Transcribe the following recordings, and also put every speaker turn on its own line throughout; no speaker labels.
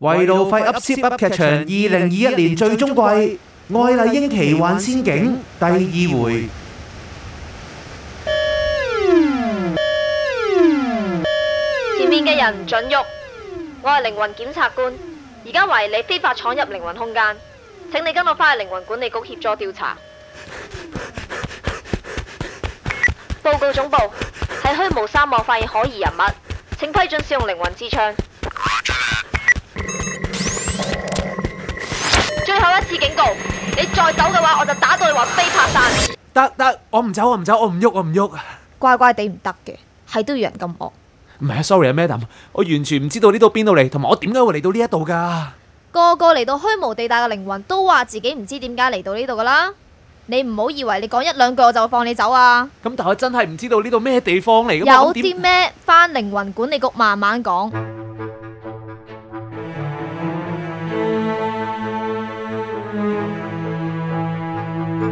維路費 Up Up Up，劇場二零二一年最終季《愛麗英奇幻仙境》第二回。
前面嘅人唔准喐，我係靈魂檢察官，而家懷疑你非法闖入靈魂空間，請你跟我返去靈魂管理局協助調查。報告總部，喺虛無沙漠發現可疑人物，請批准使用靈魂之槍。你
再走嘅話，我就打到你魂飛魄散。得得，我唔走，我唔走，我唔喐，我唔喐啊！乖乖地唔得
嘅，係都要人咁惡。唔
係啊，sorry 啊，Madam，我完全唔知道呢度邊度嚟，同埋我點解會嚟到呢一度噶？
個個嚟到虛無地帶嘅靈魂都話自己唔知點解嚟到呢度噶啦。你唔好以為你講一兩句我就放你走啊！
咁但係我真係唔知道呢度咩地方嚟。有啲
咩返靈魂管理局慢慢講。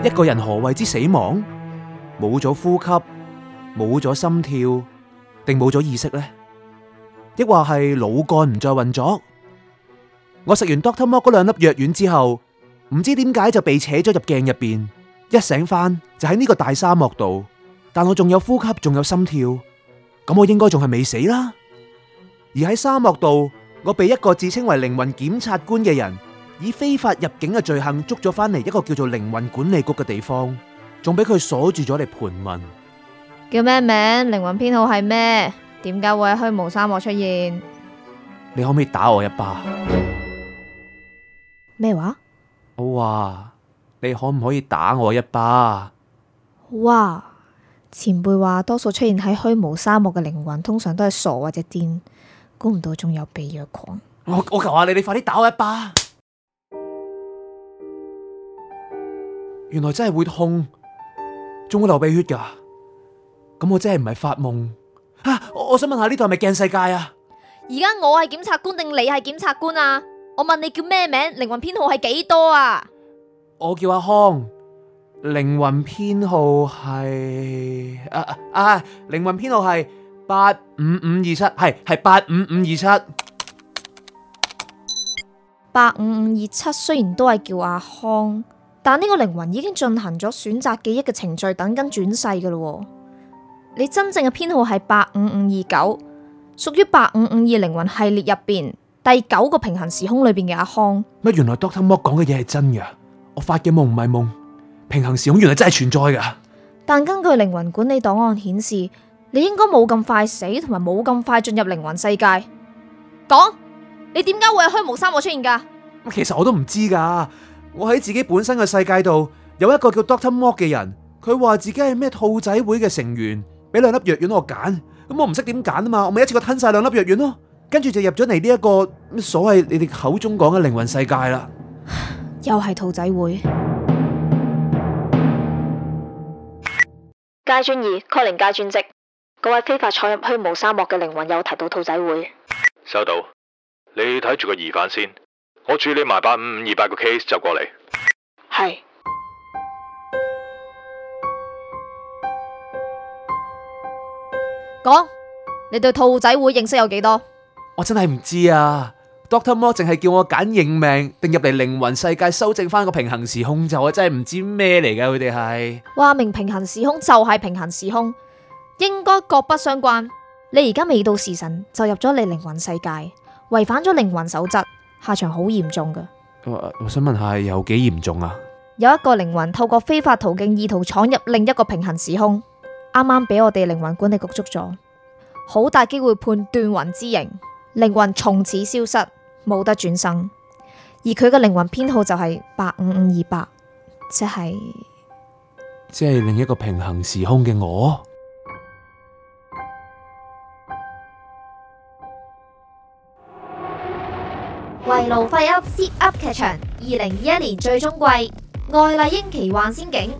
一個人何謂之死亡？冇咗呼吸，冇咗心跳，定冇咗意識呢？抑或係腦幹唔再運作？我食完 Dr Mok 嗰兩粒藥丸之後，唔知點解就被扯咗入鏡入邊。一醒返就喺呢個大沙漠度，但我仲有呼吸，仲有心跳，咁我應該仲係未死啦。而喺沙漠度，我被一個自稱為靈魂檢察官嘅人，以非法入境嘅罪行捉咗翻嚟，一個叫做靈魂管理局嘅地方，仲俾佢鎖住咗嚟盤問。
叫咩名？靈魂編號係咩？點解會喺虛無沙漠出現？
你可唔可以打我一巴？
咩話？
我話，你可唔可以打我一巴？
哇！前輩話多數出現喺虛無沙漠嘅靈魂通常都係傻或者癲，估唔到仲有被虐狂。
我我求下你，你快啲打我一巴！原來真係會痛，仲會流鼻血噶，咁我真係唔係發夢啊！我我想問下呢度係咪鏡世界啊？
而家我係檢察官定你係檢察官啊？我問你叫咩名？靈魂編號係幾多啊？
我叫阿匡，靈魂編號係啊啊！啊、靈魂編號係八五五二七，係係八五五二七，八五五二七
雖然都係叫阿匡。但呢個靈魂已經進行咗選擇記憶嘅程序，等緊轉世噶咯。你真正嘅編號係八五五二九，屬於八五五二靈魂系列入邊第九個平行時空裏邊嘅阿匡。
乜原來 Doctor Mok 講嘅嘢係真嘅？我發嘅夢唔係夢，平行時空原來真係存在噶。
但根據靈魂管理檔案顯示，你應該冇咁快死，同埋冇咁快進入靈魂世界。講你點解會有荒蕪沙漠出現
噶？其實我都唔知噶。我喺自己本身嘅世界度，有一個叫 Dr Mok 嘅人，佢話自己係咩兔仔會嘅成員，俾兩粒藥丸我揀，咁我唔識點揀啊嘛，我咪一次過吞晒兩粒藥丸咯，跟住就入咗嚟呢一個所謂你哋口中講嘅靈魂世界啦。
又係兔仔會。街專二，calling 街專職，嗰位非法闖入虛無沙漠嘅靈魂有提到兔仔會。
收到，你睇住個疑犯先。我處理埋八五五二八個 case 就過嚟。
係
講，你對兔仔會認識有幾多？
我真係唔知啊。Dr Mok 淨係叫我揀認命，定入嚟靈魂世界修正翻個平衡時空，就我真係唔知咩嚟㗎。佢哋係
話明平衡時空就係平衡時空，應該各不相關。你而家未到時辰就入咗你靈魂世界，違反咗靈魂守則。下場好嚴重噶，
我想問下，有幾嚴重啊？
有一個靈魂透過非法途徑意圖闖入另一個平行時空，啱啱俾我哋靈魂管理局捉咗，好大機會判斷魂之刑，靈魂從此消失，冇得轉生。而佢嘅靈魂編號就係八五五二八，即係
即係另一個平行時空嘅我。
維路快 Zip 噏，Zip 噏劇場二零二一年最終季《愛麗英奇幻仙境》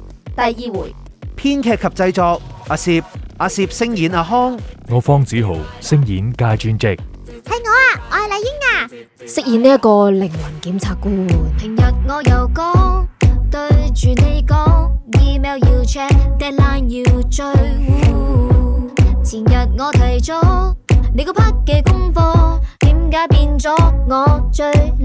第二回，
編劇及製作阿薛，阿薛聲演阿匡，我方子豪聲演佳專職，
係我啊，我係麗英啊，飾演呢一個靈魂檢察官。平日我又講對住你講，email 要 check，deadline 要追。前日我提早你個 part 嘅功課，點解變咗我？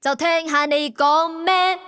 就聽下你講咩。